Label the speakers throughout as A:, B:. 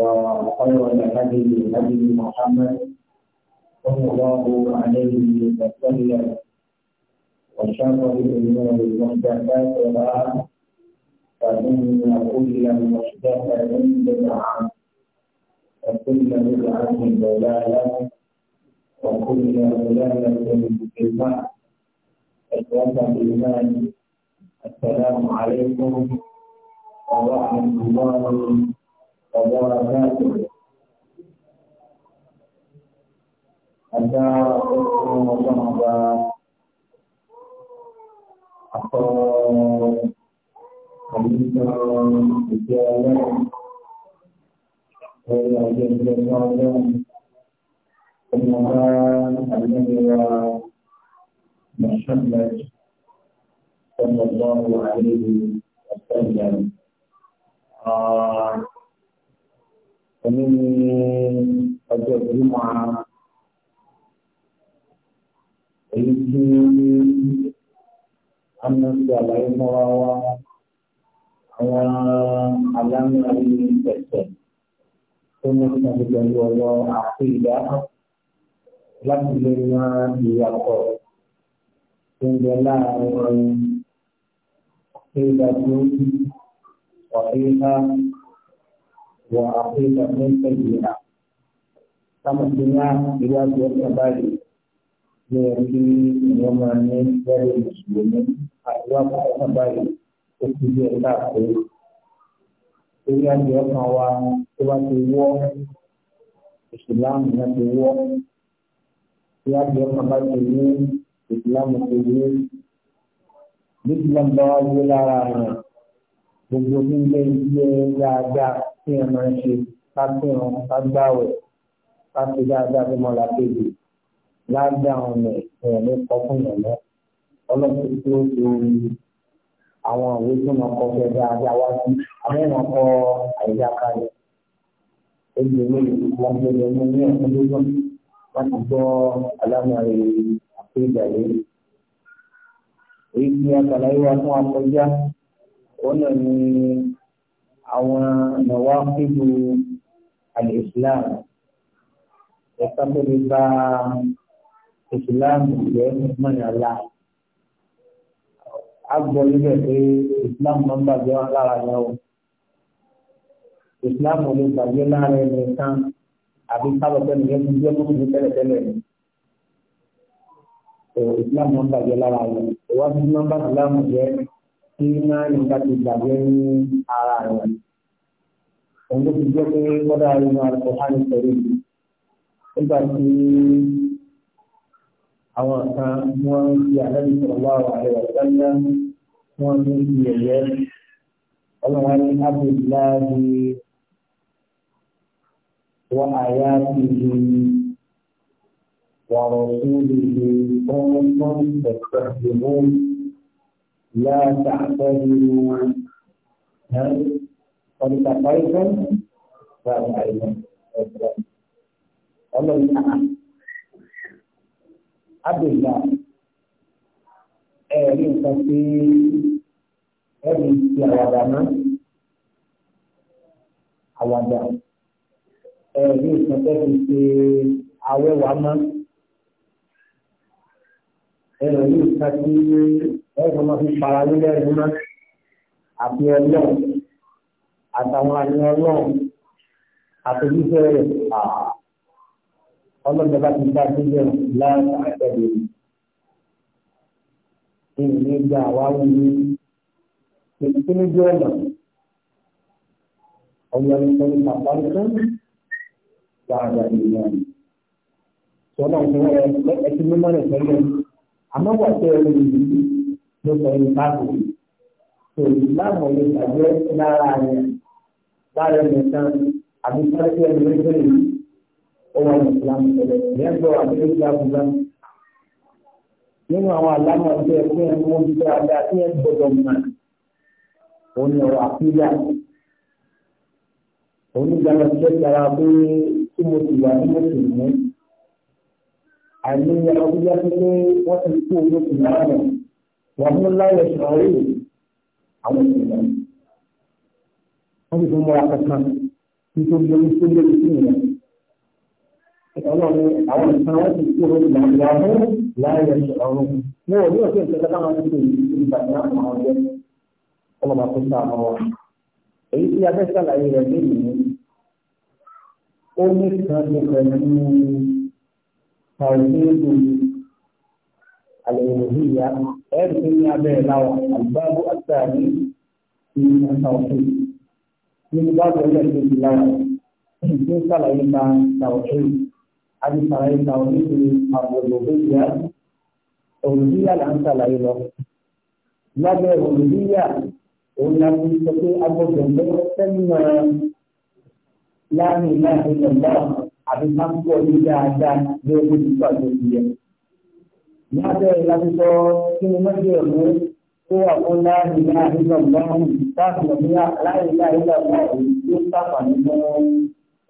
A: وخير الهدي هدي محمد صلى الله عليه وسلم وشر الامور محدثاتها فان كل محدثه بدعه وكل بدعه ضلاله وكل ضلاله في النار اخوه الايمان السلام عليكم ورحمه الله وبركاته ada apa apa kemudian bicara dari agen kerjanya semoga hanya dia Muhammad Sallallahu Alaihi Wasallam òní ní ọjọ́ ìgbìmọ̀ èyí tí a ń ṣe àlàyé mọ́ra wa àwọn alámìlárí ẹ̀sẹ̀ tó ní ìtàgé pẹ̀lú ọ̀rọ̀ àpéjá láti lè yan ìyàtọ̀ tó ń bẹ láàárín àpéjá tó ọ̀pẹ̀ká. وعقيدة من سيئة sama punya dua dua kembali dari Yomani dari Muslim dua kali kembali ketujuh satu dia dia kawan dua dua Islam dengan dua dia dia kembali ini Islam Muslim Islam bawa wilayahnya Bumbu ini dia jaga tí wọ́n máa ń ṣe kápẹ́ràn kágbáwẹ̀ kápẹ́ dáadáa tó mọ́ra péjì ládàá ọ̀nà èèyàn ló kọ́ fún yàn lọ ọlọ́run tó tó orí àwọn òwe tó máa kọ́ fẹ́ dáadáa wá sí àwọn èèyàn kọ́ àìdá kalẹ̀ ẹgbẹ́ mélòó wọn tó lọ ní ọ̀sán lójọ́ wọn ti gbọ́ alámọ̀rẹ́ àpéjà yìí èyí tí a kàlàyé wa fún akọjá òun náà ní àwọn ìnáwó pípò al-Islam ẹ̀ka tó lè bá Islam jẹ́ mọ̀nyàlá. a gbọ́ níbẹ̀ pé Islam máa ń bàjẹ́ wọn lára yẹn o Islam ò lè bàjẹ́ lára ẹni kan àbí sábàbẹ́ nìyẹn ti jẹ́ mọ́tò ní tẹ́lẹ̀tẹ́lẹ̀ Islam máa ń bàjẹ́ lára yẹn ìwádìí máa ń bá Islam jẹ́ tí máa ń nígbà tí gbàgbé ní ara rẹ̀. Òun ló fi jẹ́ pé kọ́dà inú àlùkò hàn sọ̀rọ̀ yìí. Nígbà tí àwọn kan wọ́n ń fi àlẹ́bí sọ̀rọ̀ wá àwọn àrẹwà sẹ́lá wọ́n ní ibi ẹ̀yẹ́. Ọlọ́run ní Abdullahi wa àyà ti di wàrọ̀ sí ibi ìgbìmọ̀ tó ń tẹ̀sẹ̀ ìgbìmọ̀. لا تعتذروا قد كفرتم فهو أيضا والله نعم عبد الله ẹ̀rí nǹkan tí ẹ̀rí ti àwàdà náà àwàdà ẹ̀rí nǹkan tẹ́ ẹnu yìí ká sí ẹ̀rọ máa fi para nílẹ̀ ẹ̀rọ náà àti ọlọ́run àtàwọn àmì ọlọ́run àtòjúfẹ́ rẹ̀ ọlọ́run bá ti dá sí ẹ̀rọ láàrín àtẹ̀lẹ̀ ìrìn ìgbà wá wúlò ìpínlẹ̀ jẹ́ ọ̀nà ọlọ́run tó ń pàpà ń tún dáadáa ìrìn àná. Sọ́nà ìṣòro ẹ̀ ẹ̀ ti mímọ́ nìkan lẹ́yìn àmọ́ wà tẹ ẹrù yìí ló sọ yìí káàbò tó ìsìláàmù yìí tàbí lára rẹ lára nìkan àbí sáré ẹni lẹ́gbẹ̀ẹ́ yìí ó wà ní ìsìláàmù tẹ̀lé ìyẹn gbọ́ àbílẹ̀ ìsìláàmù náà nínú àwọn àlámọ̀ ẹgbẹ́ ẹgbẹ́ ẹni wọ́n ti dára dáa tí ẹ gbọ́dọ̀ mọ̀ òun ni ọ̀rọ̀ àpíyà òun ní gbàgbọ́ tí ó ti ara pé tí mo ti wà ní mọ̀tò mú àní ọdúnjẹ́ pé wọ́n ti kú olókùn náà nù wọ́n mú láyọ̀ sọ̀rọ̀ àwọn ènìyàn. wọ́n ti fún mọ́ra kankan nítorí orí tó léwu sí ìyẹn. Ọlọ́run àwọn ìsan wọn ti kú olókùn náà wọ́n mú láyọ̀ sọ̀rọ̀ wọn ò ní òkè ìṣẹ́jọ́ káwọn ti tèmi ìgbà náà àwọn ọjọ́ ọlọ́mọ àkóso àwọn wa. èyí tí a fẹ́ sàlàyé rẹ̀ ní ìlú ó ní kan ní pẹ̀lú توحيد الألوهية أرسلنا به نوع الباب الثاني من التوحيد من باب الألوهية نوع من صلاة التوحيد عن صلاة التوحيد الربوبية أولوية عن صلاة الله باب الألوهية ونبي سقي أبو جنبه سلم لا إله إلا الله àti máńkọ̀ ní dáadáa ní ojú títà tó ti yẹ. Lábẹ́ ìlàsísọ kí ni mọ́jọ́ ẹ̀mú tó wà fún láàrin náà nínú ọ̀gbọ́n táàbù ní láàrin náà nínú ọ̀gbọ́n tó sábà nínú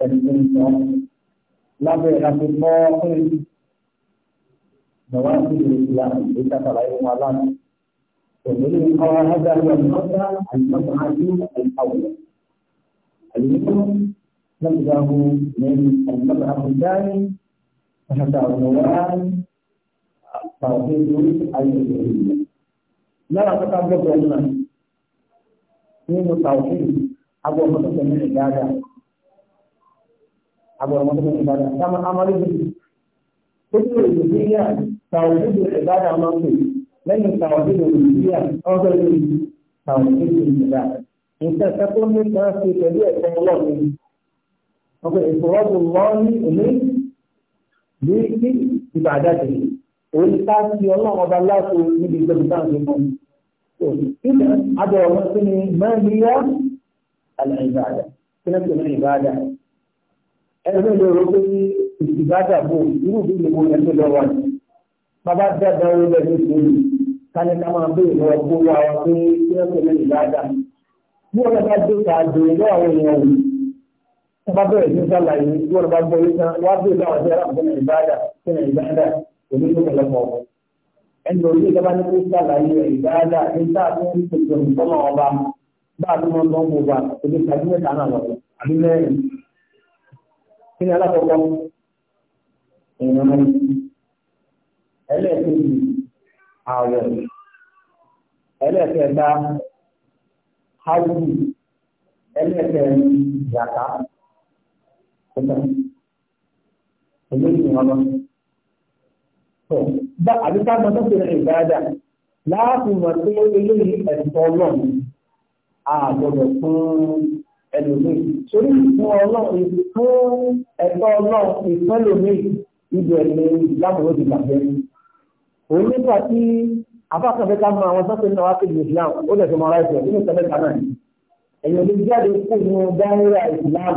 A: ẹ̀sìn sọ. Lábẹ́ ìlàsísọ kí ni bàbá ti lè fi àwọn ìwé sábàlá yẹn wà lánàá. Òmìnir القواعد المرة المبعث الأول. اليوم نبذه من المذهب الثاني فحتى عنوان توحيد الالوهيه لا تقبل بالله من التوحيد ابو مطلق من العباده ابو مطلق من العباده كما امر به كل الالوهيه توحيد العباده منصوب لكن توحيد الالوهيه افضل من توحيد العباده انت تكون من تنسي تبيع الله ọkọ̀ ìfọwọ́sọ lọ́ọ̀lì òní ní kí ìbàdàdì òun ká sí ọlọ́run ọba láti níbi ìjọba táwọn ọmọ mi. Ilẹ̀ abẹ́ ọmọ sí ni mẹ́rin yá àlàyébàdà kí náà tó ní ìbàdà. Ẹgbẹ́ lè rò pé ìbàdà bò irú bí ìlú ẹgbẹ́ lọ wà ní. Bàbá dàda orí rẹ̀ ní ìṣòro kání ká máa bèèrè lọ gbówó àwọn bá bẹ̀rẹ̀ sí sàlàyé bí wọ́n bá gbọ́ yìí tán wá bí ìlú àwọn ọ̀sẹ̀ aláàbò ní ìbáàdà sí ní ìbáàdà òní ló kọ̀ lọ́pọ̀ ọ̀pọ̀. ẹni orí ìjọba ní kó sàlàyé ìbáàdà ní sáàtún tuntun ìfọ́nà ọba bá a tún mọ́ tán kó bá òní tàbí mẹ́ta náà lọ́wọ́ yàtá eléyìí ọmọ tó bá àbíká mọ tó fèrè ìgbàdà láàfin mọ pé eléyìí ẹ̀tọ́ náà àgbọ́dọ̀ fún ẹlòmíì torí fún ọlọ́run fún ẹ̀tọ́ ọlọ́run ìfẹ́lòmíì ibi ẹ̀mí lábùrò ti gbàgbé òun nípa tí afákàfẹ́ ká mọ àwọn sọ́kùnrin náà wá sí Islam ó lè fi mọ ara ìfẹ́ nínú sẹ́lẹ̀ kan náà ẹ̀yìn òde jáde kó nu dáhùrà Islam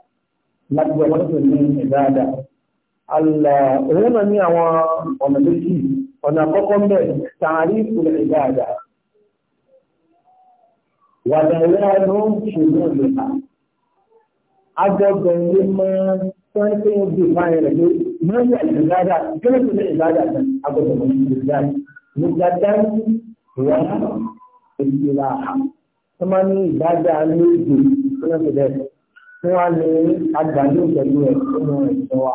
A: láti jẹ́ wọ́n tó ní ìdáadà. Àlà òun náà ní àwọn ọ̀nà méjì, ọ̀nà àkọ́kọ́ ń bẹ̀ tààrí ìpìlẹ̀ ìdáadà. Wàdà ìlera ló ń ṣòro ìlera. A gbọ́dọ̀ ilé mọ́ sọ́ni pé ó di ìfáyẹ̀ rẹ̀ pé máa ń yà ìdáadà, gẹ́gẹ́ bí ní ìdáadà kan, a gbọ́dọ̀ mọ̀ ní ìdáadà. Mo gbàdá wà ìlera. Sọ́mọ́ ní ìdáadà méje, ó náà ti fún wa ní agbàdo pẹ̀lú ẹ̀ nínú ẹ̀sọ́ wa.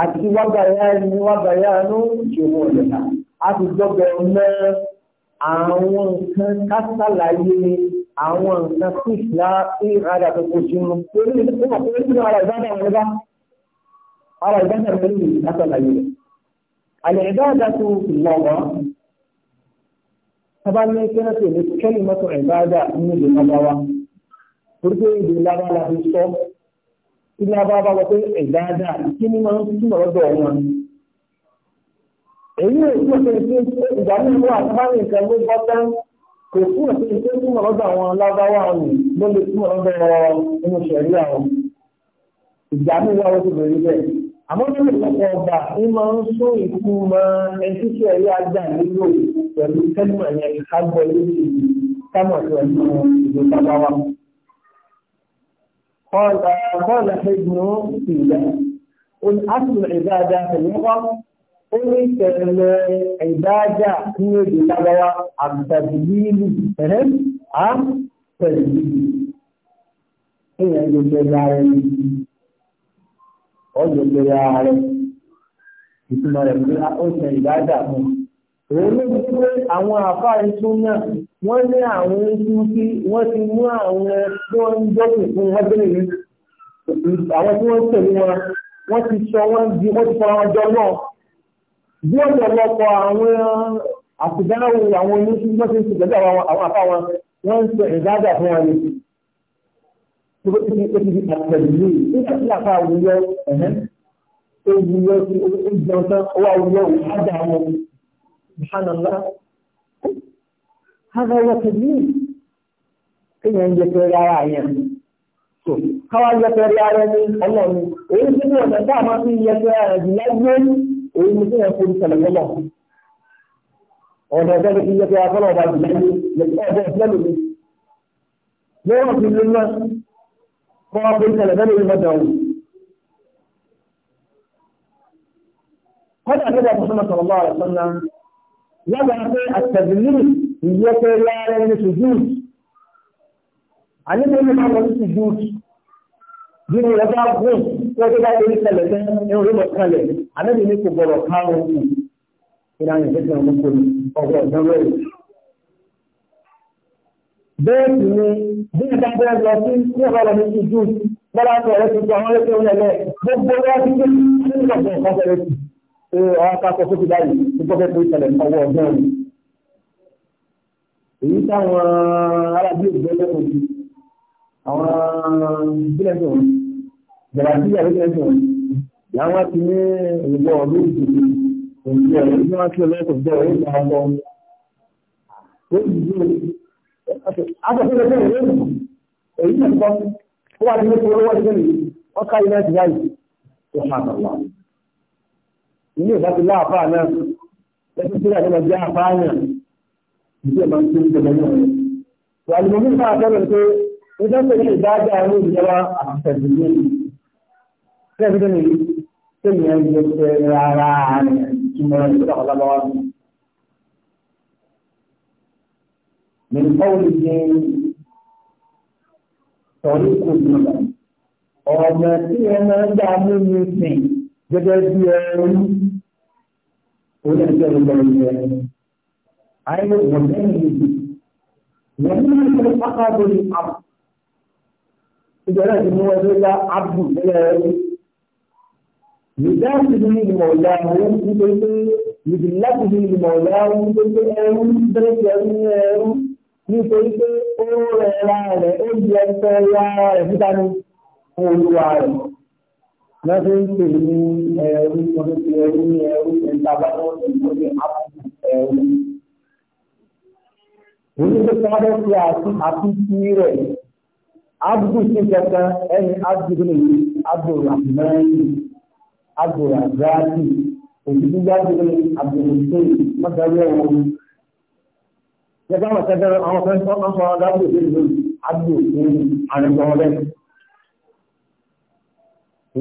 A: Àti wágbàyà ni wágbàyà ló ń ṣòwò ọ̀lẹ́ta. A ti gbọ́dọ̀ mọ àwọn nǹkan kásálàyé àwọn nǹkan tí ìlà ìrádà tó kó sínú. Torí ní kí wọ́n fi ń ara ìbádà wọn bá. Ara ìbádà wọn ní kásálàyé Àlẹ́ ìbádà tó lọ wọ́n. Tábà ní ní kẹ́lí mọ́tò ìbádà nínú ìlú Mọ́láwá torípé èdè lábá la fi sọ kí ní abá bá lọ pé ẹ̀dáadáa kí ni máa ń túmọ̀ lọ́dọ̀ wọn. èyí ò tí wọ́n ti ṣe ìgbà mímu àtúbáyé nǹkan ló bọ́ tán kò tí wọ́n ti ṣe túmọ̀ lọ́dọ̀ àwọn lábáwá wọn ló lè túmọ̀ lọ́dọ̀ wọn nínú ṣẹ̀rí àwọn. ìgbà mímu àwọn ti bẹ̀rẹ̀ bẹ́ẹ̀ àmọ́ nínú ìpapọ̀ ọba ní máa ń sún ìkú mọ ẹtí tí ẹ̀rí ajá nílò pẹ̀lú tẹ́lẹ̀ yẹn ká gbọ́ lórí ìkámọ̀ tó ẹ̀ قال قال ابن سينا والأصل العبادة في اللغة قلت العبادة هي باللغة التدليل فهم عن تدليل هي الجلالة الجلالة ìtumọ̀ rẹ̀ pé ó ṣe ìbádà fún òun ló gbé àwọn àfáà ìtún náà wọ́n ní àwọn ìsúnfí wọ́n ti mú àwọn tó ń jọ́sìn fún wọn bẹ́ẹ̀ ni àwọn tí wọ́n ń tẹ̀lé wọn wọ́n ti sọ wọ́n di wọ́n ti fọ àwọn ọjọ́ náà bí ọ̀pọ̀lọpọ̀ àwọn àtìdáwò àwọn oníṣẹ́ wọ́n ti ń ṣègbè àwọn àfa wọn wọ́n ń sọ ìdájà fún wọn ni tó bó ti ó ti di àtẹ̀lé yìí nígbà tí àfa àwùjọ ẹ̀hẹ́ ó wúyọ sí ó jẹun tán ó wà wúyọ òun á dà wọn هذا هو تدليس كما ينجتر على عيان káwá yẹpẹrẹ ara ẹni ọlọ́run èyí tí wọn bẹ dáa máa fi yẹpẹrẹ ara ẹni lágbé èyí ni fún ẹkọ ìṣẹ̀lẹ̀ lọlọ ọdọ ẹgbẹ́ fi yẹpẹrẹ akọlọ ọba jù láyé lẹ́yìn ọdọ ìṣẹ̀lẹ̀ lómi lọ́wọ́ fi lé náà kọ ọkọ ìṣẹ̀lẹ̀ bẹ́ẹ̀ lórí mọdà òun. kọ́dà tó bá tó sọ́nà sọ̀rọ̀ lọ́wọ́ àlọ́ sọ́nà yàgbà pé àtẹ̀bìlì ìyẹ́pẹ́ lára ẹni sùjúùt àníbi ẹni máa lọ sí sùjúùt bí ni ọba gùn tí wọ́n tó bá lórí tẹ̀lẹ̀ tẹ́ ẹ̀rọ ló kalẹ̀ àníbi ní kò gbọ́dọ̀ káwọn kù ìlà ìfẹ́sẹ̀ ọmọ kò ní ọgbọ̀n ìdánwò rẹ̀. bẹ́ẹ̀ sì ni bí ìta bẹ́ẹ̀ lọ sí ní ọba lọ sí sùjúùt bọ́lá tó ọ̀rẹ́ ti tó àwọn ẹlẹ́sẹ̀ òun ẹ̀lẹ́ gbogbo ọ̀rẹ́ ti tó ní ọ̀gbọ̀n ìkọ́sẹ̀ rẹ̀ sí ọ̀rẹ́ ká èyí táwọn arábí òjò na ju àwọn bílẹ̀sọ̀ bẹ̀rẹ̀ sí bílẹ̀sọ̀ làwọn ti ní òyìnbó ọdún ìdìbò ìdí ọmọ tí ó ń jẹmọ náà rẹ̀. Àlùmọ́bí náà bẹ̀rẹ̀ pé ìjọ pé ní ìdájọ́ àwọn olùjọba àtẹ̀sí ní kẹ́ẹ̀bí tó ní tẹ̀mí ẹ̀ ń jẹ rárá rẹ̀ ìmọ̀ ìjọba ọ̀làbáwá mi. Mẹ̀lú Pọ́wùlù ní sọ̀rí kò ní ọ̀nà tí ẹ أي ومنه ومنه الأقرب للعبد إذا لازم هو يقول عبد لذاته لمولاه لذلته لمولاه لذلته لمولاه nítorí pé ó rẹ̀ra rẹ̀ ó jẹ ẹ̀fẹ́ ara rẹ̀ síta ní olúwa rẹ̀ lọ́sí ń pè ní ẹ̀rú ọdún ti ẹ̀rú ní ẹ̀rú ẹ̀ntàbà lọ́sí ń pè ní àpò ẹ̀rú Èyí tó kọ́ bẹ́ẹ̀ ṣe àtúntí rẹ̀. Abdu ṣe kẹta ẹni Abdu ní ìlú Abdulrahmani Abdulrazaki òṣìṣẹ́ jáde ní Abdulrahmani Mọ́tàlẹ́ ọ̀hún. Jẹ́ká àwọn kẹta àwọn fẹ́ sọ máa ń sọ ọ́n dábò sí ìlú Abdu ní àrẹ̀gbọ́n ọ̀rẹ́.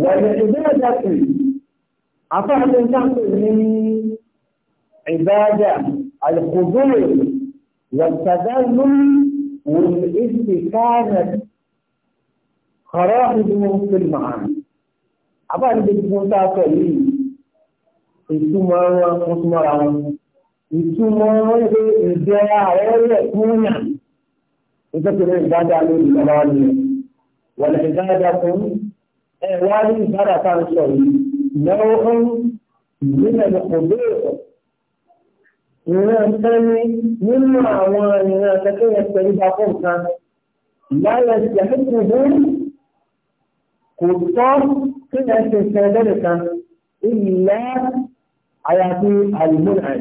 A: Wẹ̀lẹ̀ ìbílẹ̀ jáde, àfáàlẹ́ jáde ní ìbáàjà àlùkò bóyè والتذلل والإذن كانت خرائطهم في المعاني àbá níbi tí wọ́n tá a sọ yìí ìtumọ̀ wọn wọ́n súnmọ́ ra wọn ìtumọ̀ wọn ṣe ìjọra ọ̀rẹ́ fún yàn nítorí ìdájà lórí ìjọba wọn ni wọ́n lè dájà fún ẹ̀ wá ní ìdájà tá a sọ yìí lọ́wọ́ ìgbìmọ̀ ìkọ̀bẹ́ẹ̀kọ̀. ìran tẹ́lẹ̀ nínú àwọn ìran kẹ́kẹ́rẹ́ pẹ̀lú papọ̀ kan láyé ìyàtúkù bóyí kò tọ́ kí ẹ ṣe ìṣẹ̀lẹ̀ bẹ́ẹ̀ kan ìlà àyàfi àlùmọ́nà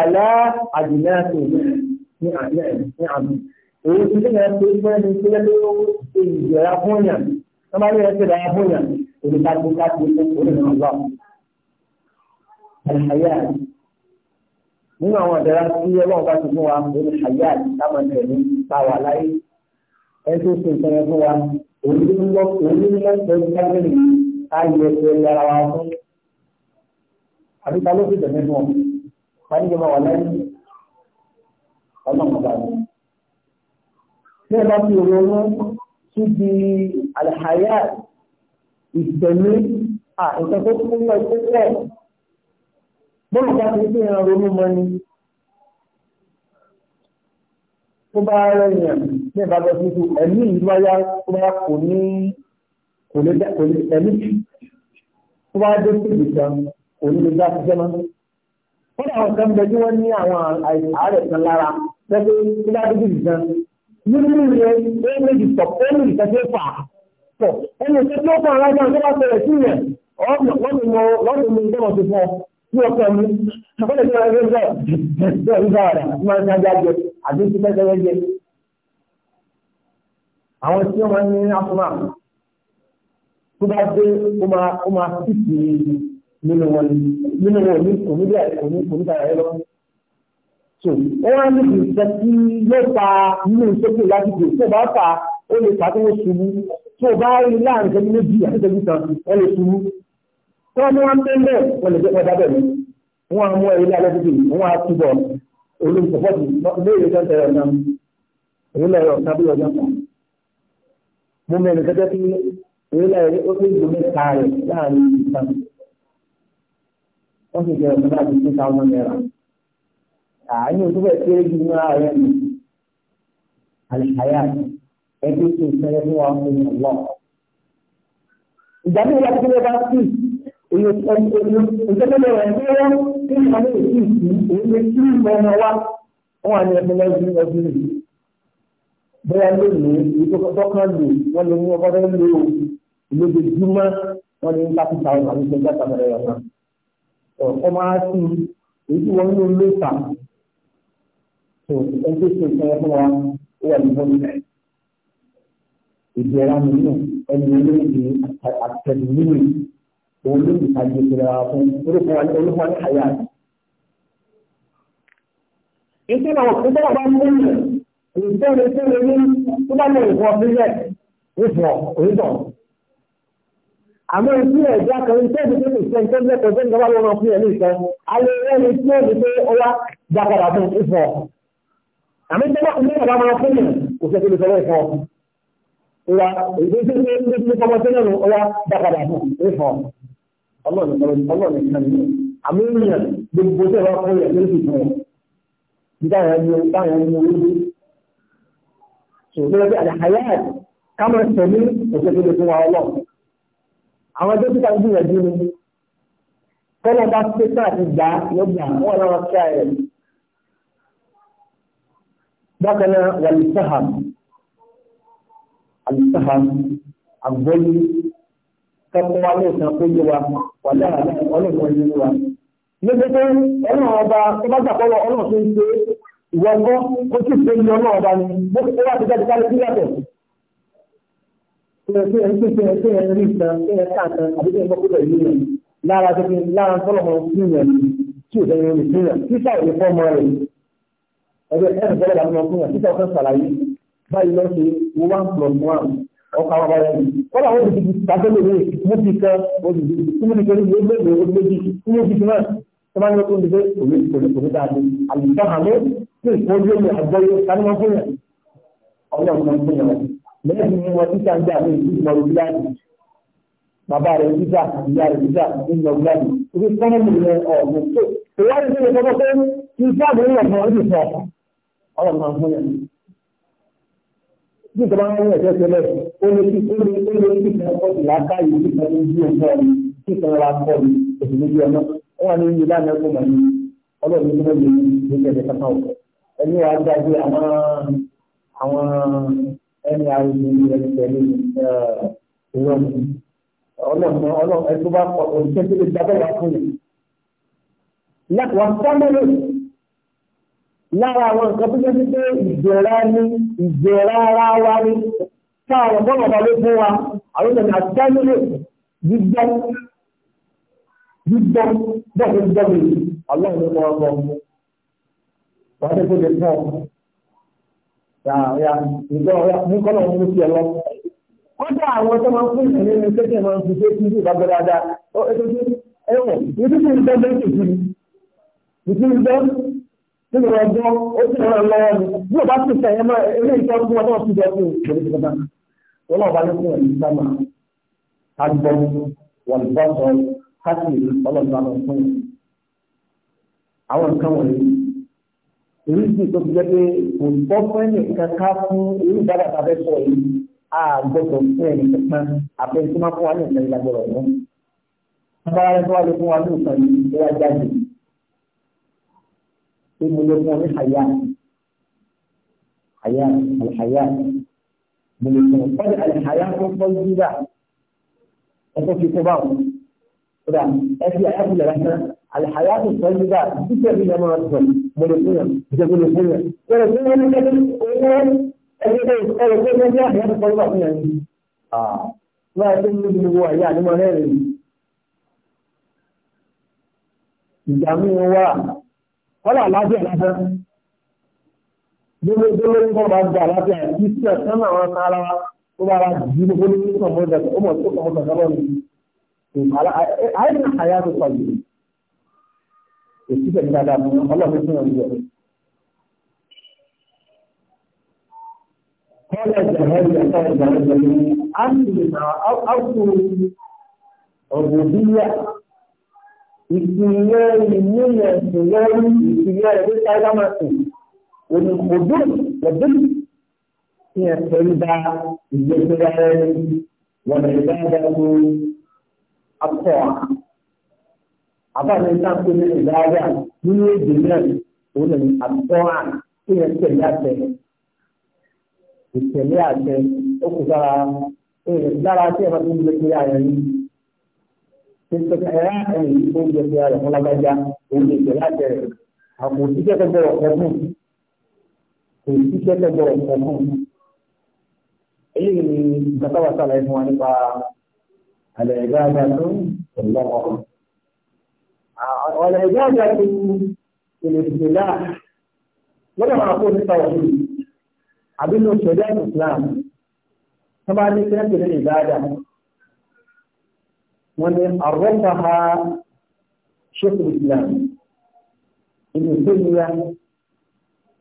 A: àlá àdìlẹ́ àti ní àmì èyí tí lẹ́yìn ẹ̀ṣẹ̀ ìṣẹ́ ní ṣe ló ṣe ìjọra fún yàn tó bá yẹ ẹ̀ṣẹ̀ dára fún yàn èdè kájú kájú fún orí náà lọ. Àlàyé àti nínú àwọn ìdára tí ọlọ́run bá ti mú wa òun àyà àti táwọn ẹ̀mí ta wà láyé ẹ tó ṣe nǹkan yẹn fún wa òun ní lọ òun ní lọ pẹ̀lú kábẹ́ẹ̀lì ayọ̀ ẹ̀rọ ara wa fún àbí ta ló fi tẹ̀lé fún ọ wọ́n ní wà láyé ọlọ́run bá mi. bí ẹ bá fi ronú sí di àlàyé ìtẹ̀lé à tó kún lọ sí ẹ̀ bọ́ọ̀lù ká ti gbé ẹran ronú mọ́ ni tó bá rẹ̀yìn ní ìbábọ̀ tuntun ẹ̀mí ìlú ayá tó bá kò ní kò lè ẹ̀mí tó bá dé sí ìgbésẹ̀ kò ní lè dá ṣiṣẹ́ mọ́. wọ́n ní àwọn kan bẹ tí wọ́n ní àwọn àárẹ̀ kan lára lẹ́gbẹ́ tó bá dé sí ìgbésẹ̀ nínú rẹ̀ ó méjì tọ̀ ó méjì tẹ̀ tó fà á tọ̀ ẹni tó tó fà á lágbà tó bá tẹ̀lẹ̀ sí rẹ̀ ọ́ ní ọkọ mi àkọlẹ̀ tí wọ́n rí bẹ́ẹ̀ bẹ́ẹ̀ rí bá rẹ̀ àti máa ń sáájá jẹ àbí ti pẹ́ẹ́pẹ́ẹ́ jẹ. àwọn tí wọ́n máa ń ní asọ́nà tó bá dé ó máa ó máa tìtì nínú wọn nínú wọn ní òní bí àìsàn ní òní tààrà ẹ lọ. so ó wá ní ìṣẹ́ tí yóò fa nínú ìṣókè lásìkò tó bá fà ó lè fà tó ṣubú tó bá rí láàrin ìṣẹ́jú méjì àti ìṣẹ́jú kan ó tó mú wọn dé lẹ̀ wọn lè jẹ́ pẹ́ dábẹ̀ mi wọn mú ẹ ilé alẹ́ títì wọn á túbọ̀ olùsọ̀fọ́tì léèrè tó ń tẹ̀lé ọ̀nà ìrìnlẹ̀ ọ̀nà bí ọ̀nà kan mo mẹ́rin kẹ́kẹ́ tí ìrìnlẹ̀ ó fi ìlú mẹ́ta rẹ̀ láàrin ìta wọ́n sì jẹ́ ọ̀nà láti two thousand naira àánú tó bẹ̀ kéré ju ní ààrẹ mi àlìkáyà ẹgbẹ́ tó ń fún wa fún ọ̀wọ́ ìgbà mi ìyá tó kéré bá sí Èyí ìṣẹ́lẹ̀ rẹ̀ ní wọ́n tí wọ́n ní èyí ìsú, èyí lè kí ìmọ̀ ọmọ wa, wọ́n á ní ẹgbẹ́ lọ́dún ọdún rẹ̀. Bóyá lónìí, èyí tó kọ́kọ́ kan lò, wọ́n lè mú ọkọ́ fẹ́ lò ó, ìlójoojúmọ́, wọ́n lè ní láti ta ọ̀nà àti ìṣẹ́jà tàbí ẹ̀yọ̀ kan. Ọ̀pọ̀ máa sí èyí tí ẹni tó ṣe ìṣẹ́ fún òun ló ti ta jẹ́ ìrora fún orúkọ wọn olúkọ ní àyà rẹ̀. Iṣẹ́ náà kò tó bá mú ìlú ìṣẹ́ni tó lè ní tó bá mú ìfọ̀ sílẹ̀ ìfọ̀ òyìnbọ̀. Àmọ́ ìṣú ẹ̀já kan ní tóbi tó lè ṣe ní tóbi tó ń gbọ́ lọ́wọ́ fún ẹ̀mí ìṣẹ́. Alẹ́ rẹ̀ ni tí ó di pé ó wá já padà fún ìfọ̀. Àmì tó bá kún ní ọ̀dà máa fún yẹn kò ṣe kébé sọ́wọ́ ìfọ̀. Ìwà ìgbésí ní ilé tí mo fọmọ sílẹ̀ nù ó wá já padà fún ìfọ̀ ọlọ́run ọlọ́run kan ní àmì ènìyàn gbogbo tẹ́ wá fún ẹ̀yẹ́ lóṣù fún ọ dáhà ní dáhà ní owó dé so lọ́wọ́ bí àdàkàyà kámọ́ tẹ̀lé òṣèlú fún wa ọlọ́run àwọn dókítà ń gbìyànjú ni kọ́lá bá pé káàkiri gbà lọ́gbà wọn náà kí a rẹ̀ bákan náà wà kẹ́kọ̀ọ́ wa ní ìtàn tó yé wa wà láàrin ọlọ́run yé wa. Níbi pé ọlọ́run ọba tó bá gbàgbọ́ ọlọ́run tó ń ṣe ìwọ́gbọ́ ó sì ṣe ní ọlọ́run ọba ni bó ti wá ti jáde kálí síyàtọ̀. Ṣé ẹ ṣe ṣe ẹ ṣe ẹ rí ìtàn ṣé ẹ ká ìtàn àbí ṣe ẹ mọ́kúrò ìlú rẹ̀ lára tó fi lára tọ́lọ̀mọ́ sí yẹn tí ò fẹ́ràn ní síyàn títà ò ní fọ́ọ̀mọ́ rẹ̀. Ẹgbẹ́ ẹ̀rù bọ́lá ọkà wà báyìí kọ́lá wọn ti di tàbílẹ̀ rẹ̀ mú ti kẹ́ olùdí tí mo ní kẹ́lẹ́ ìwé gbé ìwé méjì tí mo ti fi náà tí wọ́n yẹ kó ní pé òwe ìkòlè kò ní dáa ní àlùfáà àmọ́ tí ìkó yé mi àgbọ́yé sani wọn fún yẹn ọlọ́run máa ń fún yẹn lẹ́yìn ní wọn títà ń dà ní ìlú ìmọ̀ òbíláàdì bàbá rẹ̀ títà ìyá rẹ̀ títà ní ìmọ̀ òbíláàdì ibi sọ́nà mi yẹn ọ̀gbìn tó bí ìjọba ń rìn ẹ̀jẹ̀ tẹ́lẹ̀ ó lè fi ó lè ó lè fi kí wọn kọ́ọ̀tù látàyè kí wọn ní bí ọmọ rẹ kí wọn wá kọ́ mi èsì níbi ọmọ wọn ní ilé lánàá kó màá ní ọlọ́run ní kílódé ní ìjẹ́jẹ́ kankan ọ̀pọ̀ ẹni wàá gbàgbé àwọn àwọn ẹni àrùn ní ẹni pẹ̀lú ìrọ̀mù ọlọ́run ọlọ́run ẹ tó bá kọ̀ òṣìṣẹ́ tó lè gbàgbé wá fún yẹn. wà lára àwọn nǹkan tó jẹ́ pé ìjẹ̀ra ní ìjẹ̀ra ara wa ní káàrọ̀ bọ́ọ̀lù ọba ló fún wa àwọn ènìyàn àtẹ́lẹ̀ gbígbọ́ gbígbọ́ bọ́ọ̀lù gbígbọ́ mi ọlọ́run ló mọ ọmọ ọmọ wọn tó kó lè fún ọ yàrá ìgbọ́ ọ̀yà mú kọ́ lọ́wọ́ mú sí ẹ lọ. kọ́dà àwọn tó máa ń fún ìrìn nínú kékeré máa ń fi ṣe kí ìgbà bẹ̀rẹ̀ dáadáa ó ètò ẹ̀wọ̀n ìdíje nínú ọjọ́ ó lọ́wọ́ ni bí o bá sì fẹ́ ẹ máa eré fún ọjọ́ sí jọ fún ìṣòro ti wọn náà ní fún ẹ̀yìn sábà agbọ́n wọn bá sọ káàkiri ọlọ́dún àwọn fún un àwọn nǹkan wọ̀nyí èyí sì tó fi jẹ́ pé kò tọ́ fún ẹnì kankan fún irú ìdára tàbí sọ yìí a gbọ́dọ̀ fún ẹnì kankan àbẹ́yìn tó máa fún wa ní ìtàn ìlàgbọ̀rọ̀ في ملوكهم الحياة حياة الحياة ملوكهم طبعا الحياة تفضل جدا أقول في كبار إذا أتي أقول لك الحياة الطيبة بك بلا ما أدخل ملوكنا بجبل الحياة ولا كل من قبل ولا كل من يحيى بطلبة يعني آه ما يكون من هو يعني ما نعرف الجميع هو kọ́lá àlàáfíà lásán gbogbo gbogbo ní kọ́ máa gba àlàáfíà kí sí ẹ̀sán náà wọn sára wa ó bá wa jù ní gbogbo ní kọ́ mọ́ ìdàgbà ó mọ̀ tó kọ́ mọ́ ìdàgbà lọ́nà àyè ní àyà tó kọ̀ yìí èsì tẹ̀lé dáadáa mọ́ ọlọ́run fún ọ̀rọ̀ yìí. kọ́lá ìjàmbá yìí ẹ̀ka ìjàmbá yìí á sì lè máa áwùjọ ọ̀gbọ̀n ìpìlẹ̀ ìmúlẹ̀ ìpìlẹ̀ ìpìlẹ̀ ìwé sáyámàsì olùkòdó lọ́dún tí ẹ tẹ̀lé bá ìgbésẹ̀ ara ẹni wọn lè dáadáa tó akọ àbáni sáńpé ní ìdáadáa nínú èdè náà òun lè akọ à tí ẹ tẹ̀lé àtẹ ìtẹ̀lé àtẹ ó kò dára lára tí ẹ máa ń gbé kiri ara ẹni tuntun ẹ̀rá ẹ̀yìn oúnjẹ ti rẹ̀ fún lágbájá oúnjẹ ìjọ láti rẹ̀ àpò òṣìṣẹ́ tó bọ̀rọ̀ ọ̀fún kò òṣìṣẹ́ tó bọ̀rọ̀ ọ̀fún. eléyìí ni ìgbàsáwà sàlàyé fún wa nípa àlẹ́ ẹ̀gá ajá tó ń lọ́wọ́. ọ̀lẹ̀ ẹ̀gá ló ṣẹ̀dá ìsìlámù tó bá ní sẹ́ńtì ní ìgbà ajá من عرفها شيخ الاسلام ابن تيميه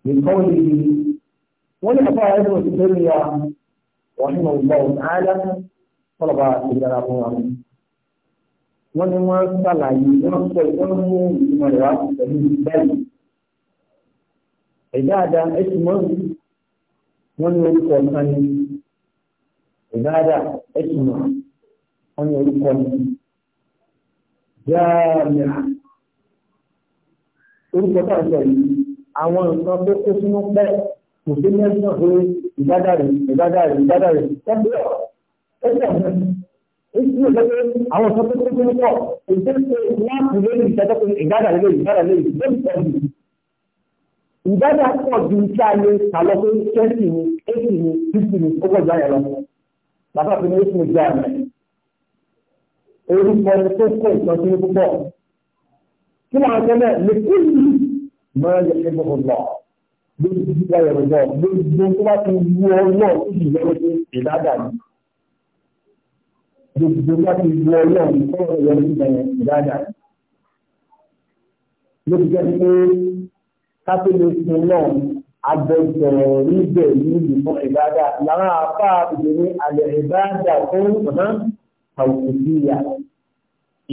A: بقوله ولعطاء ابن تيميه رحمه الله تعالى طلب الجلاله ومن وان صلى يوسف يوم من رواه ابن عبادة اسم من يقول عن عبادة اسم من يقول عن jáàmìà orúkọ tá à ń sọ yìí àwọn nǹkan tó kó sínú pẹ́ kò sí mẹ́sàn-án pé ìdádàrí ìdádàrí ìdádàrí tẹ́lẹ̀ ẹ̀sẹ̀ ọ̀hún èyí ló jẹ́ pé àwọn nǹkan tó kó sínú pọ̀ èyí tó láti lórí ìṣẹ́jọ́ pé ìdádàrí lè ìdádàrí lè ìdádàrí pọ̀ jù ìdádà pọ̀ ju iṣẹ́ ayé kàlọ́ pé twenty ni eighty ni fifty ni ó pọ̀ jù ayẹ̀ lọ bàbá fi ní eighty orúkọ ẹni tó kó ìtọ́jú ní púpọ̀. Kí ló ń tẹ́lẹ̀ lè kú yìí? Máa yẹ kí gbogbo lọ. Lórí ti wá yẹ̀rọ lọ, lórí ti tó bá ti wú ọ náà tó yìí lọ́wọ́ sí ìdádà ni. Lórí ti tó bá ti wú ọ náà tó yẹ lọ́wọ́ sí ìdádà ni. Lórí jẹ́ pé kápẹ́lẹ́ fún náà abẹ́sọ̀rọ̀ níbẹ̀ níbi fún ìdádà. Lára apá ìdè ní alẹ́ ìdádà fún ọ̀nà tàwùkùsíyà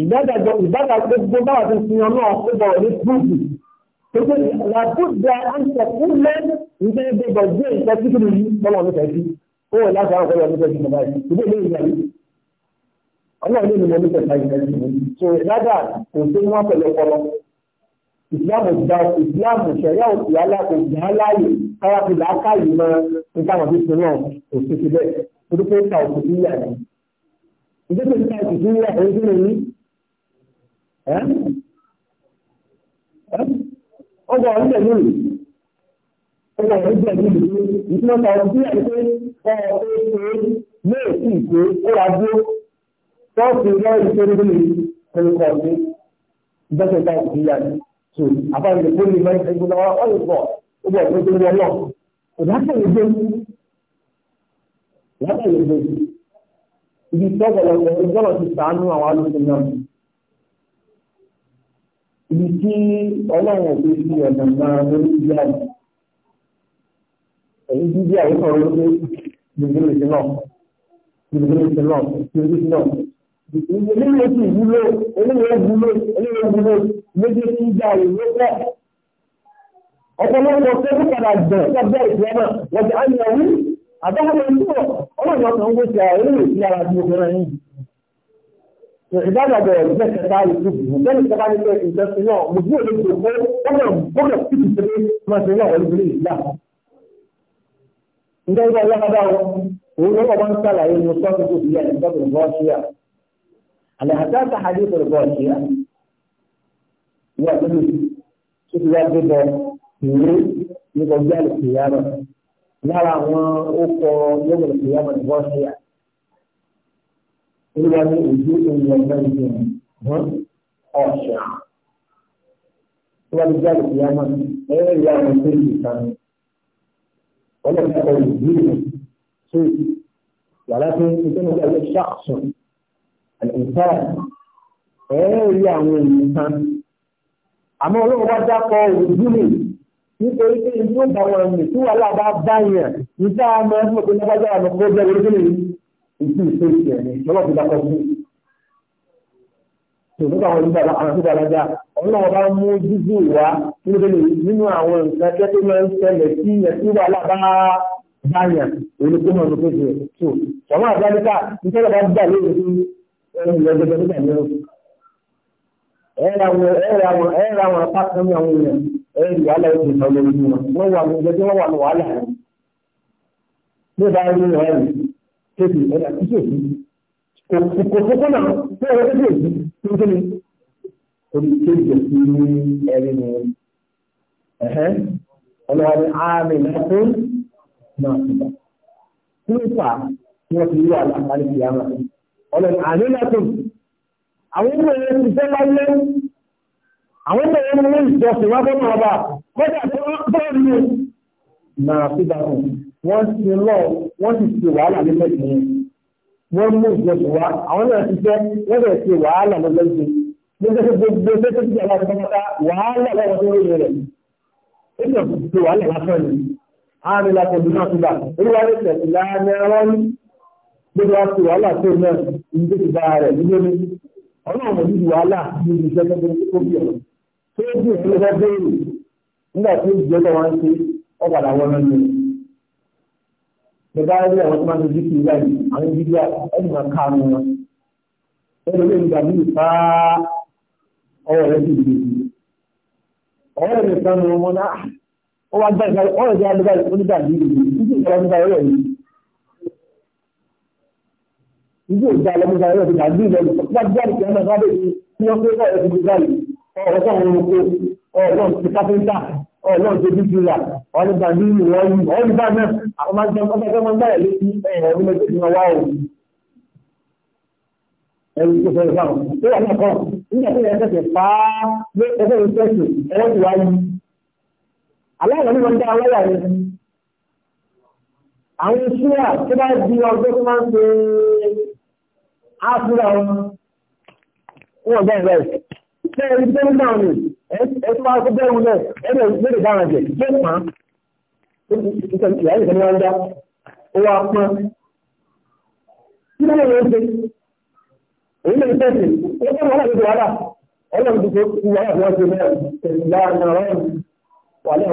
A: ìgbàgbọ́ ìbára gbogbo báwa ti fi hàn náà ó bọ̀ ní púpù tó tó ní làbúdà àǹtẹ̀ kúlẹ̀ nígbà tó bọ̀ jẹ́ ìtọ́ tí kìlì yìí lọ́wọ́ ní tẹ̀sí ó wọ̀ láti àwọn ọ̀gá ọ̀gá ọ̀gá ọ̀gá ìdílé ilé ìyá yìí ọlọ́run ní ìmọ̀ ní tẹ̀sí àyíká yìí so ìdájà kò tó wọn pẹ̀lú ọpọlọ ìsìlámù gba ìsìlámù sẹ̀yà òkìyálà kò gbà á láàyè káwá fi làákàyè mọ́ nígbà wọn fi sinú ọ̀ ìjọba ìta ìtìtì wà òun tí mo ní ọgbà ọdún tẹ̀lé rẹ̀ ọgbà ọdún tẹ̀lé rẹ̀ ìtumọ̀ ta ọdún tí àti pé ọ̀ọ́ ṣe lè sí ìpè ó wà dúró tọ́ọ̀sì lọ́wọ́ ìṣe ní ọdún ìjọba ìta ìtìtì yà ní tó àbáyé lè fún mi máa ń ṣe gbọ́dọ̀ ọ̀rọ̀ pọ̀ ó bọ̀ tó tó wọ́n náà kò dákẹ́ lè dé kò dákẹ́ lè dé ibi tọ́gbọ̀lọpọ̀ ìgbọ́nà ti sàánú àwọn alùpùpù náà ibi tí ọlọ́run òfin fi ọ̀nà máa lórí ibi àyè èyí tí ibi àyè kan ló dé gbèdéle sí náà gbèdéle sí náà gbèdéle sí náà onílé ti ìwúlò onílé ìwúlò onílé ìwúlò méjì tí ibi àyè ló pọ̀ ọ̀pọ̀lọpọ̀ tó kí padà gbọ̀n lọ́gbẹ́ ìfẹ́ náà wọ́n ti á yẹ wí. àdáhàlẹ̀ ìlúwọ̀ ọlọ́run ọ̀sán gbé ti àìrí ìlú ara ti gbogbo rẹ̀ ndu ìdájọ́ ìgbẹ́ ndu ìlú bẹ́ẹ̀ kẹta ní pé ìjọsìn náà mo bí òde tó fẹ́ gbọ́dọ̀ gbọ́dọ̀ sí ti tẹ́lẹ̀ máa ṣe náà wọlé ìlà. lára àwọn ókọ yóò lè yá mọ̀ wọ́n ṣe à. Olúwa ní ojú ìrìn ọ̀gá ìjọ wọn ọ̀ṣà. Olúwa ní jáde ìyá mọ̀ ẹ̀rọ ìyá mọ̀ tó lè sàn. Ọlọ́run kọ ìlú rẹ̀ tó yàrá tó ń tó ń gbàgbé ṣáàṣùn àlùfà ẹ̀rọ ìyá àwọn ènìyàn sàn. Àmọ́ olóòwò wá dákọ̀ òdúró nítorí pé ní tó bá wọn rìn tí wàhálà bá bá yàn nígbà ọmọ ẹgbẹ́ tó lágbájá àwọn ọmọ ọgbẹ́ orí kílè ìtú ìtú ìtú ẹ̀mí ìṣọ́lọ́ ti dákọ̀ sí. tòun nígbà wọn nígbà àwọn tó dáadáa ọ̀hún náà bá mú jíjù wá nínú àwọn nǹkan tẹ́ tó máa ń ṣẹlẹ̀ sí yẹn tí wàhálà bá bá yàn òun ni kó máa lókè tó. sọ̀mọ́ àgbáríkà ìṣẹ́lẹ̀ bá gbà lóòrùn ẹ̀rọ àwọn apá kan ní àwọn èèyàn ẹ̀rì wàhálà ìpè sọ lórí wọn wà ní ọjọ́ wọ́n wà ní wàhálà rẹ̀ bí ó bá wọn ẹ̀rì kéèkì ẹ̀rà tí kò sí kò tó kọ́nà tó ẹ̀rọ tó kò sí tó kéde orí kéèkì sí ẹ̀rì ni ọlọ́wọ́ ni àmì lẹ́kọ́ náà ti bá kí tí wọ́n ti rí wà láǹfààní ìyá wọn ọlọ́wọ́ àmì lẹ́kọ́ àwọn ìgbà yẹn ti fẹ́ láyé àwọn ọmọ ẹni ní ìjọsìn wá fún ọba kọjá tó bẹ́ẹ̀ ni náà síta fún wọ́n ti lọ wọ́n ti ṣe wàhálà ní mẹ́sìn wọ́n mú ìjọsìn wá àwọn náà ti fẹ́ wọ́n bẹ̀rẹ̀ ṣe wàhálà ní mẹ́sìn nígbà tó gbogbo tó tó ti àwọn ọmọ ọmọta wàhálà lọ́wọ́ tó rí rẹ̀ nígbà tó ṣe wàhálà lásán ni àárín láti ọdún náà kéèjì tí ó béèrè nígbà tí ọ padà wọ́n lọ́nà ìgbà rí àwọn tó máa ń dojú àwọn ibi díà ẹni máa ká àwọn wọn ẹni lè gbà bí ìfá ọwọ́ ọwọ́ nìkan náà ó wá gbà ìgbà ọwọ́ onígbà ìdí ìgbà ọwọ́ ìdí ìgbà ọwọ́ ọ̀rọ̀ àwọn oko ọlọ́run ti kápẹ́ńtà ọlọ́run ti bíjìlá ọ̀nìgbà ní ìwọ̀n yìí ọ̀nìgbà náà àwọn máa ń jẹun ọgbà tó máa ń bẹ̀rẹ̀ létí ẹ̀yìn ọdún méjì ní ọwá o. ẹ̀rù tó fẹ́ fà wọ́n tó wà lọ́kọ̀ nígbà tó yẹ kẹsẹ̀ fà á lé ẹgbẹ́ mi tẹ̀sí ẹ̀wọ́n ti wá yìí. aláwọ̀ ni wọ́n dá aláyà rẹ̀ àwọn ṣúra tó bá di ọjọ́ tó máa ń ṣe áfúrà wọn. wọ́n bẹ̀rẹ̀ ẹ̀rí tó náà nì ẹ̀sùn máa kó bẹ́ẹ̀ wulẹ̀ ẹ̀rẹ̀ dára jẹ̀ jẹ́ pa ìyá ìgbà ni wọ́n lè ó fẹ́ wọ́n àgbègbè wàhálà ọlọ́run ti fi wàhálà ọ̀rọ̀ wàhálà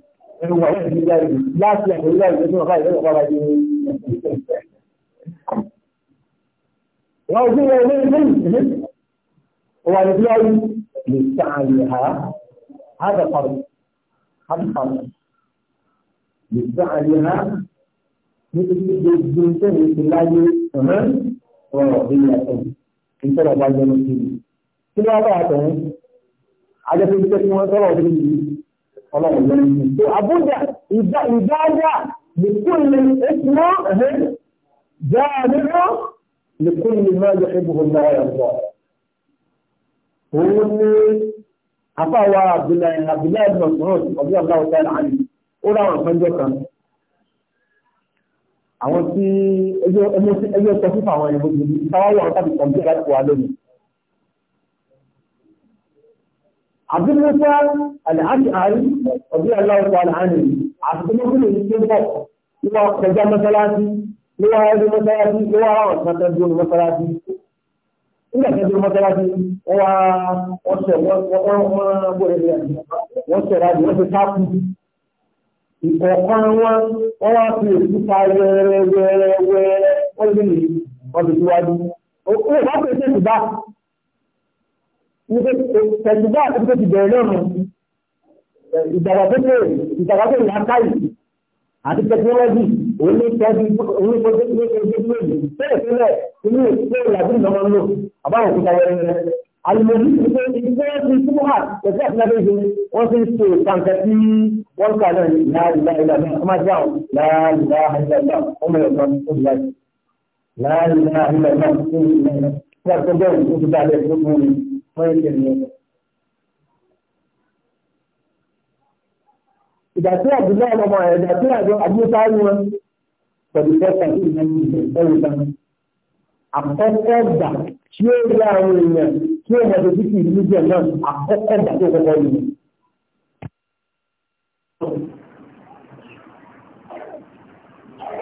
A: ẹnu wà láti ìlú láì láti àgbẹ̀ ìlú láì lọ́sọ̀rọ̀ káyọ̀ lọ́sọ̀rọ̀ bàbá di ní. wọ́n ti wọ ilé ilé ìlú wà ní fúláwì lè ta àyè ha hádà pàrọ̀ hádà pàrọ̀ lè ta àyè ha nítorí gbogbo ìtẹ̀wé ti láyé ọ̀rọ̀ ilé ẹ̀kọ́ ìtọ́lọ̀ bá jẹ́ ní kiri. kí ló wá bá àtọ̀ wọn? ajẹ́ pé iṣẹ́ tí wọ́n sọ̀rọ̀ ọ̀dọ́ ọlọ́run ló ń bí. so abuja ìdá ìdájà lèkúlè ètùmọ́ ẹ̀hẹ́ jáàmínú lèkúlè máa yọ ìbùkún náà yọ bọ̀. òun ni afáwa abdullahi abdullahi abdullahi ọdún aláwọ̀ sáyẹn àlè ó ráwọn ìpẹ́jọ́ àwọn tí ẹjọ́ sọ fífa àwọn ẹ̀yìn bó tàbí kọ̀ǹpútà láti wà lónìí. عبد الموسى الأشعري رضي الله تعالى عنه عبد الموسى يسبق هو رجع مسلاتي هو هذا مسلاتي هو راوس مسلاتي مسلاتي إلا كذب مسلاتي هو وصل وصل هذا وصل تاكو ìkọ̀ọ̀kan wọn wọ́n wá fi èsì pa wẹ́rẹ́wẹ́rẹ́wẹ́rẹ́ wọ́n lè wọ́n ti tiwájú. Ó wọ́n pèsè ìbá Tẹ̀sùbá àti tó ti bẹ̀rẹ̀ lọ́nà ìdàgbàsókè ìdàgbàsókè làákàyè àti tẹkinọ́lọ́jì oníkẹ́bí oníkẹ́bí tẹ́lẹ̀ tẹ́lẹ̀ inú ìṣẹ́ ìlàjú ìnáwó ń lò àbáwọn òkúta wẹ́rẹ́ rẹ̀. Àlùmọ̀lì ìṣe ìṣe ti túbọ̀ hà tẹ̀sí àti lábẹ́ ìṣe wọ́n ti ń ṣe ìtànkẹ́ tí wọ́n kà náà láàrúdá ìlànà ọmọ ajá láàrúdá ìlànà ọmọ ẹ̀rọ láàrúdá ìlànà ọmọ ẹ̀rọ wọ́n yẹ kẹ́lẹ́ ọ̀rọ̀. ìgbà tí àdúgbò ọmọ ẹ̀ ìgbà tí àjọ àdúgbò wọn pẹ̀lú fẹ́ẹ̀sì àti ìgbà ìgbà àkọ́kọ́ gbà tí ó rí àwọn èèyàn tí ó mọ̀tò títí ìlú jẹ̀ náà àkọ́kọ́ gbà tó kọ́kọ́ yìí.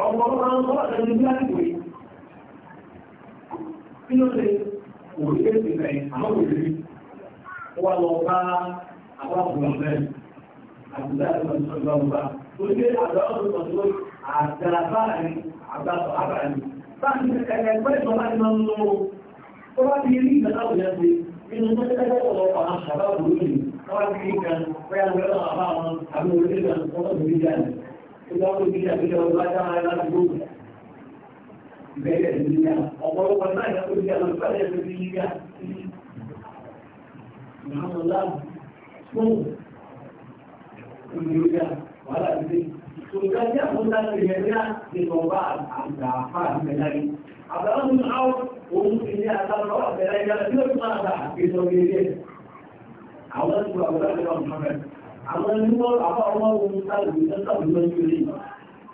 A: Ọmọ ọmọ ọmọ ọmọ ẹni bí a Kí ló dé? òrùlé-èdè rẹ̀ àmọ́ òrùlé ó wá lọ bá àbábùrọ̀ mẹ́rin àbúdá ìgbàlùsọ̀gbà ọba tó dé àbábùrọ̀ àdàlábáàrin àbábọ̀ àbáàrin báyìí ẹgbẹ́ ìjọba ni máa ń lọ ó bá ti rí ìgbàlá òjẹ́ sí inú tó tẹ́lẹ̀ ọ̀pọ̀ àwọn àbábùrọ̀ yìí wọ́n ti rí kan pẹ́ àwọn ọ̀pọ̀ àwọn àbúrò ìbẹ̀rẹ̀ nígbà ọ̀pọ̀lọpọ̀ náà yẹ kó nígbà lọ sáré ẹ̀rọ ní nígbà ìhàmọ̀ láàbù fún ìgbéga wàhálà ìdílé tòkà jẹ́ àkóńtà ìrẹ̀lẹ́ ìgbọ̀nba àgbàfà ìgbẹ̀láyé àbáwọn ọmọ àwọn ohun ilé àtàlọ́ àbẹ̀láyé yára tí ó tún máa bà ìsọ̀ gẹ́gẹ́ àwọn ìgbà àbúrò àbúrò àwọn ọmọ rẹ̀ àwọn ẹni wọ́n àbá ọmọ ohun tá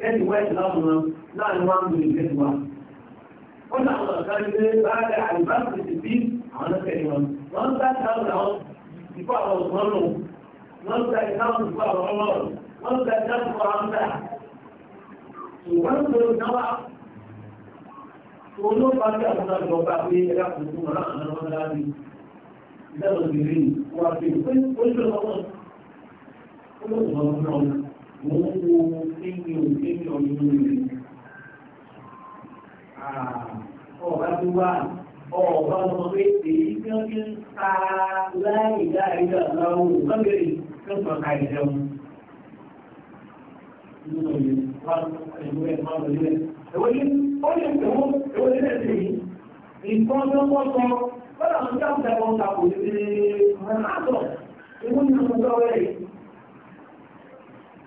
A: ẹni wẹ́ẹ̀tì láwọn láàrin wá ń gbé ìgbésí wa ó ní àwọn ọ̀gá ní pé báyà ti bí àwọn ẹ̀kẹ́ wọn wọ́n ń bá táwọn àwọn ìfọ́ àwọn ọ̀gbọ́n lò wọ́n ń bá táwọn ìfọ́ àwọn ọlọ́run wọ́n ń bá táwọn ìfọ́ àwọn ọ̀gá ṣùgbọ́n tó náwà tó ló bá bí àwọn ọ̀gá pé ẹ̀yà kò tún wọn láwọn ọ̀gá láti ìdájọ́ ìrìn wà pé ó ń tó lọ́wọ́ mo ń wo kéyìn kéyìn nínú rẹ̀. ọba tó wà ọba ọmọ pé èyí tí wọ́n ti ń ta láì láì lọ́wọ́ lọ́gẹ̀rẹ̀ tó kàn ká ìjẹun. Ìkan tó ń bọ́ sọ, bọ́lá ń dáhùn tẹ́kọ̀ọ́ ta kò lè ṣe é, ọ̀rẹ́ máa sọ, ìwọ́n ni mo sọ wẹ́rẹ́.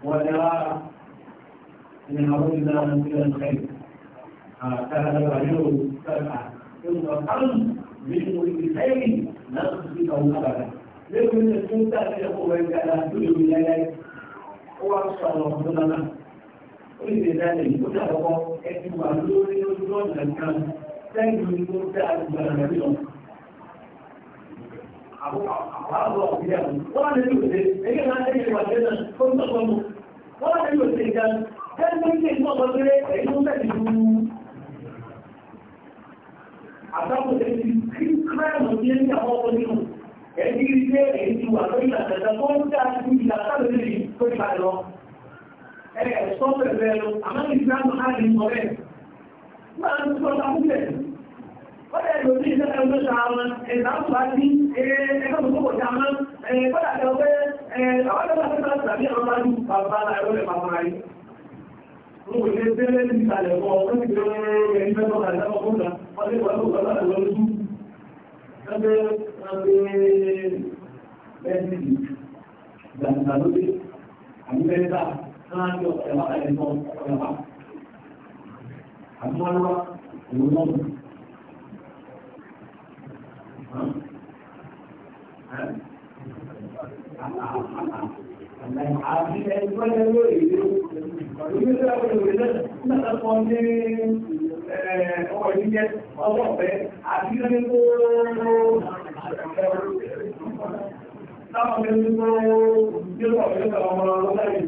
A: ودعاء إن أردنا إلى الخير فهذا الرجل سبعة ثم قرن من الخير نصفه أبدا لكن السنة تقول إن لا تجد إليك هو أكثر ربنا olùdíjáde tó dàgbọ́ ẹni wà lórí ojú ọ̀nà kan lẹ́yìn tó dá àgbàlagbà lọ. Àtàkùn ẹ̀sìn kí kírẹ́mù ní ẹni àwọn ọkọ̀ nínú, ẹ̀dí rí pé èyí ti wà lórí àtẹ̀tẹ̀ tó ń dá sí ìlàkà lórí tó ìgbà lọ. Ẹ̀ ẹ̀sọ́ pẹ̀lú ẹ̀rọ, àmọ́ ìgbà máa ń sọ bẹ́ẹ̀. Máa ń sọ Kọ́dà ẹ̀lò ní ìṣẹ́ ẹ̀rọ mẹ́ta wọn, ìdáhùn bá ní ẹgbẹ́ tó kò já mọ́, kọ́dà ẹ̀lò pé àwọn ọ̀dọ́ bá tẹ́lá tàbí àwọn bá ní bàbá ẹ̀rọ lè máa máa rí. Mo kò lè tẹ́lẹ̀ ní ìsàlẹ̀ kan, ó ti gbé ẹni fẹ́ bọ́ àti àwọn kóńdà, wọ́n lè wà lóògbà láti lọ lójú. Ẹgbẹ́ ẹgbẹ́ ẹni gbàgbà lóde, àmì mẹ́ta, náà ní ọ̀pẹ̀ Àti ẹgbẹ́ ẹgbẹ́ ìlú, ìlú tó ọmọ ọlọ́láyìn.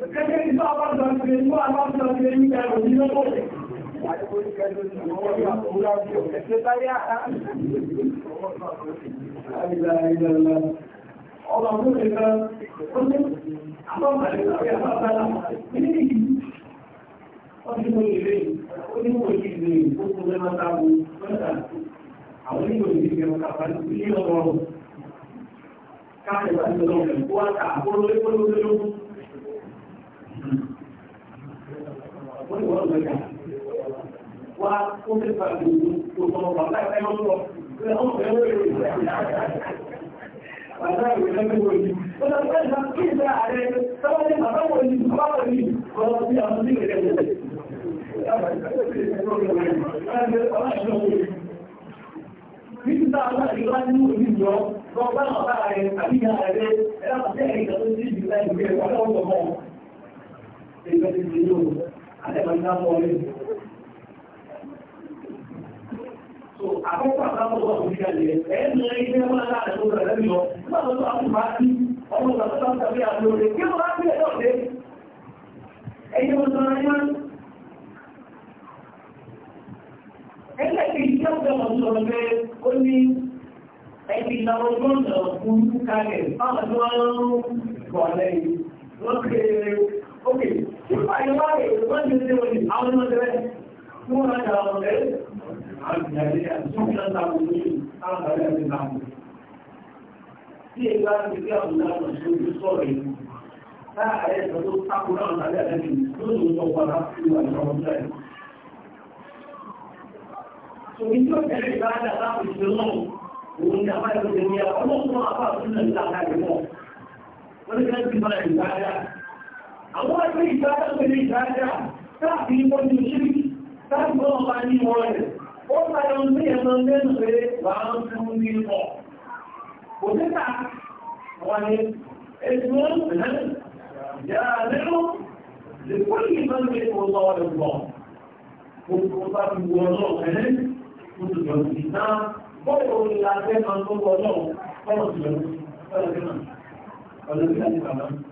A: kẹ́kẹ́ ìlú àbájọ́sílẹ̀ ìlú àbájọ́sílẹ̀ ìlú ẹ̀rọ nílẹ̀ lọ́pẹ̀ Ọlọ́run ẹ̀kọ́ ọdún àbọ̀bàlẹ̀ ọ̀rẹ́ àbábálà ní ìlú ọdún ìlú onímọ̀ ìlú ìgbókò lẹ́mọ́ta gbogbo mẹ́ta mẹ́ta wá rẹ̀ wọ́n ìyá rẹ̀ ẹ̀rọ So, àkọ́kọ́ àbábọ̀ wà fún ìgbàlẹ̀ ẹ̀ẹ́nà ilé wọn láàrín tó rẹ̀ lẹ́bí lọ, máa lọ́tọ́ àkùnbá sí ọmọ ìgbàlọ́tọ́ tàbí àlóore, kí wọ́n á bí ẹ̀dọ́ dé? Ẹyẹ wọn sọ́ra yá. Ẹgbẹ́ ti jẹ́ ọ̀pọ̀lọpọ̀ sọ̀rọ̀ pé ó ní ẹbí ìlànà gbọ́nà burúkú kalẹ̀, báwọn tó wá lọ́rùn bọ̀ lẹ́yìn. Wọ́n kéré, ókè, Tí ègbà ti kí àwùjá òun ni àbáyé tó ti ní ọlọ́pùn àpá àtúnlẹ̀ ìlànà ìwọ̀n. Wọ́n àwọn ẹgbẹ́ ìgbàdá pẹ̀lú ìgbàdá láti ìpọ́jú ṣírí láti bọ́ ọba ní wọ́n rẹ̀ ó sáyọ ní ẹ̀mọ́ lẹ́nu pé wà ń fún ní ọ̀ kò tẹ́ta wà ní ẹgbẹ́ ìrìnlẹ́ yàrá lẹ́nu lè kó ìgbàdá pẹ̀lú ọlọ́wọ́ rẹ̀ bọ̀ gbogbo bá fi wọ ọlọ́run ẹ̀lẹ́ tó ti jọ sí náà bọ́ọ̀lù ni a fẹ́ máa tó wọ ọlọ́run ọlọ́run ọlọ́run ọlọ́run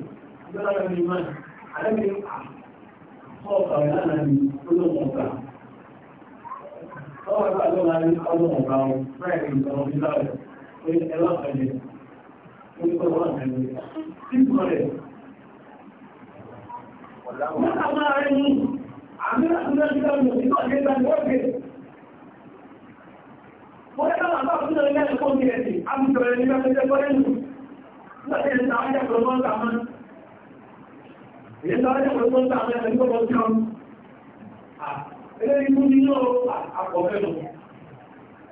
A: lọ́rọ̀ ní máa àlẹ́bí ọ̀pọ̀ ìlànà ní olóòpọ̀ta ọwọ́ ìgbà tó máa ní ọdún ọ̀gá ọ̀ fẹ́ẹ̀rì ìtọ́wọ́ bí láàrẹ̀ pé ẹlọ́pẹ̀lẹ̀ ó ń tọ́wọ́ àtẹ̀lẹ̀ sí ìmọ̀lẹ̀ Mọ́ta máa rẹ̀ ní àmì èyí àwọn ẹni tó lọ ní yóò àpọ̀fẹ́lò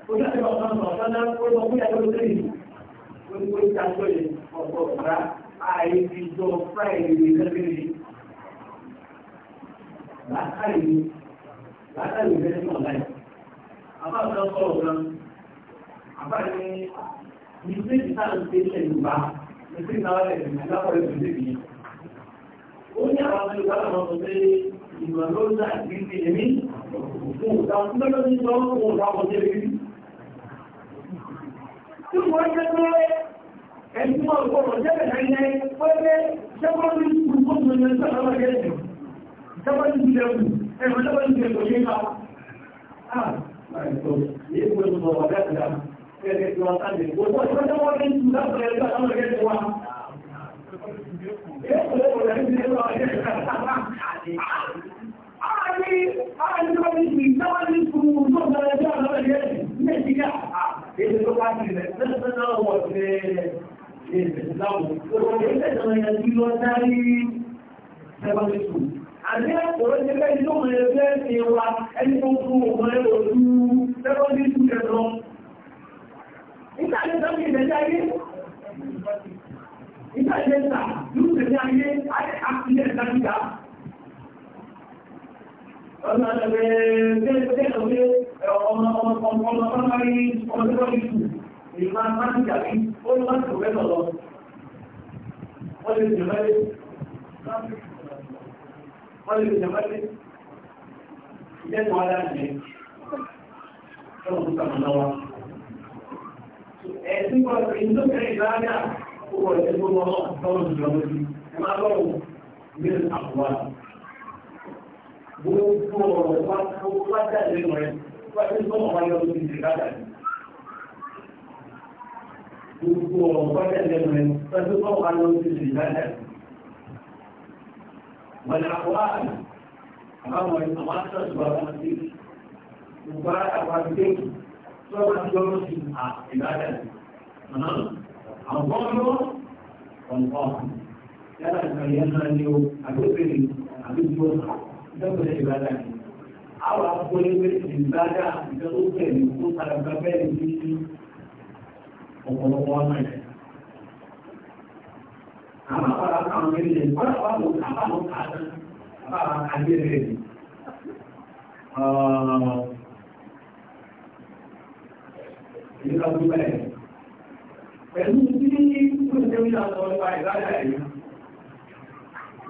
A: ó jẹ́ ẹ̀rọ kan sọ̀rọ̀ sọ́dá ó lọ fún ẹ̀rọ lẹ́yìn ó ní kó ta tó yẹ ọ̀pọ̀ ọ̀rá àìsíjọ fúráìdì lẹ́gbẹ̀rẹ̀ látàrí látàrí ìrẹsì ọ̀láì àbáwọ̀ sọ̀rọ̀ kan àbáyé ní ìgbésí sáà ń tẹ́lẹ̀ yorùbá ní sí ó ní àwọn ọmọ ìgbà àwọn ọmọ pé ìgbà ló ń ní ti èmi fún ìtàkùn mẹ́lọ́ ní sọ fún òun àwọn ọmọdé rí tí wọ́n jẹ́ pé ẹni tí wọ́n gbọ́dọ̀ jẹ́ bẹ̀rẹ̀ ní ẹni pé pé sẹ́kọ́ndì skul kó tó yẹn sọ̀rọ̀ Àdé ọ̀rọ̀ ti fẹ́ ìlú ọmọ ẹgbẹ́ ti wa ẹni tó fún ọmọ ẹgbẹ́ ojú tẹ́kọ́ ní ìtúkẹ́ lọ. Ìtàlẹ́ sọ́kì ìdẹ́jẹ́ ayé ayé ń tà lórí tẹ̀lé ayé ayé àkílẹ̀ ìdájídá. Ọ̀nà ẹgbẹ́ ẹgbẹ́ ẹgbẹ́ ọmọ ọmọ ọmọ ọmọ sámárí ọmọ tó wọ́n ìlú ìlú máa ń jàbí ó ní láti rẹ̀ lọ. Wọ́n lè jẹ̀ mẹ́lẹ́. Wọ́n lè jẹ̀ mẹ́lẹ́. Ìjẹ́nu ara jẹ́. Ẹ̀sìn kan ìlú tó kẹrin ìlú هو gbogbo ọ̀rọ̀ wa tó wá tó ọ̀rọ̀ yọ sí ti ká wọ́n yà wá àbáwọn àwọn akẹ́kọ̀ọ́ wa wá sí ìgbà àwọn tó wá yọ sí ìgbà jáde àbọ́dọ́ ọ̀nà yálà ìgbàlẹ̀ máa ní o àgbébẹ̀rẹ̀ àbíjú ọ̀nà ìjọba ìbàdàn ni. àwọn akọ́lẹ́gbẹ̀ ìbàdàn ìjọba tẹ̀lé fún àgbà bẹ́ẹ̀ ní ọ̀pọ̀lọpọ̀ ọmọ ẹ̀. àwọn àpárá àwọn ilé ìpàdé wà ló kápá pẹ̀lú tí kúrùsẹ́mí náà sọ nípa ìbádà yìí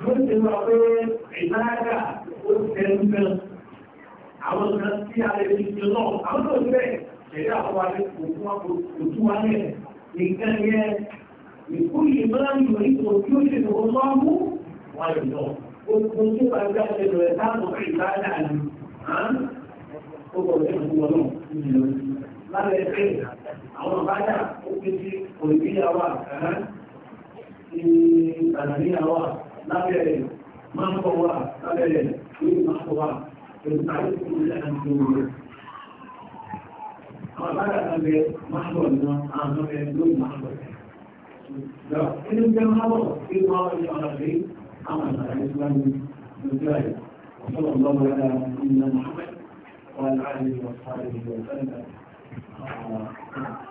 A: ló ti sọ pé ìbádà ó tẹ́lú náà àwọn kan tí a lè fi ṣe náà àwọn tó bẹ́ẹ̀ ṣẹ̀dá àwọn wa ní òtún wa ní nǹkan yẹn ìkúyè máa ń yọ ipò tí ó ṣe lọ́wọ́ máa mú wọn lè lọ òyìnbíyà wà ní tànàníyà wà lábẹ́rẹ̀ mọ́kọ̀ wà lábẹ́rẹ̀ lórí mọ́kọ̀ wà pẹ̀lú tàbí ìpínlẹ̀ àti òwúrẹ̀. Àwọn àbára àbẹ̀ mọ́kọ̀ náà àwọn ọmọbẹ̀ lórí mọ́kọ̀. Inú jẹ́ mọ́kọ̀ tí wọ́n wọ́n ní ọ̀rọ̀ sí àwọn àbára ìsìlámi lójú àyè. وصلى الله على سيدنا محمد وعلى اله وصحبه وسلم